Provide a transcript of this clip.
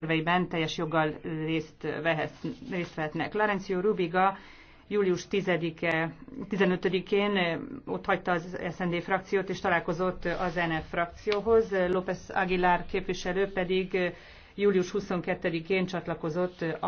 terveiben teljes joggal részt, vehet, részt vehetnek. Lorenzo Rubiga július 15-én ott hagyta az SND frakciót és találkozott az NF frakcióhoz, López Aguilar képviselő pedig július 22-én csatlakozott a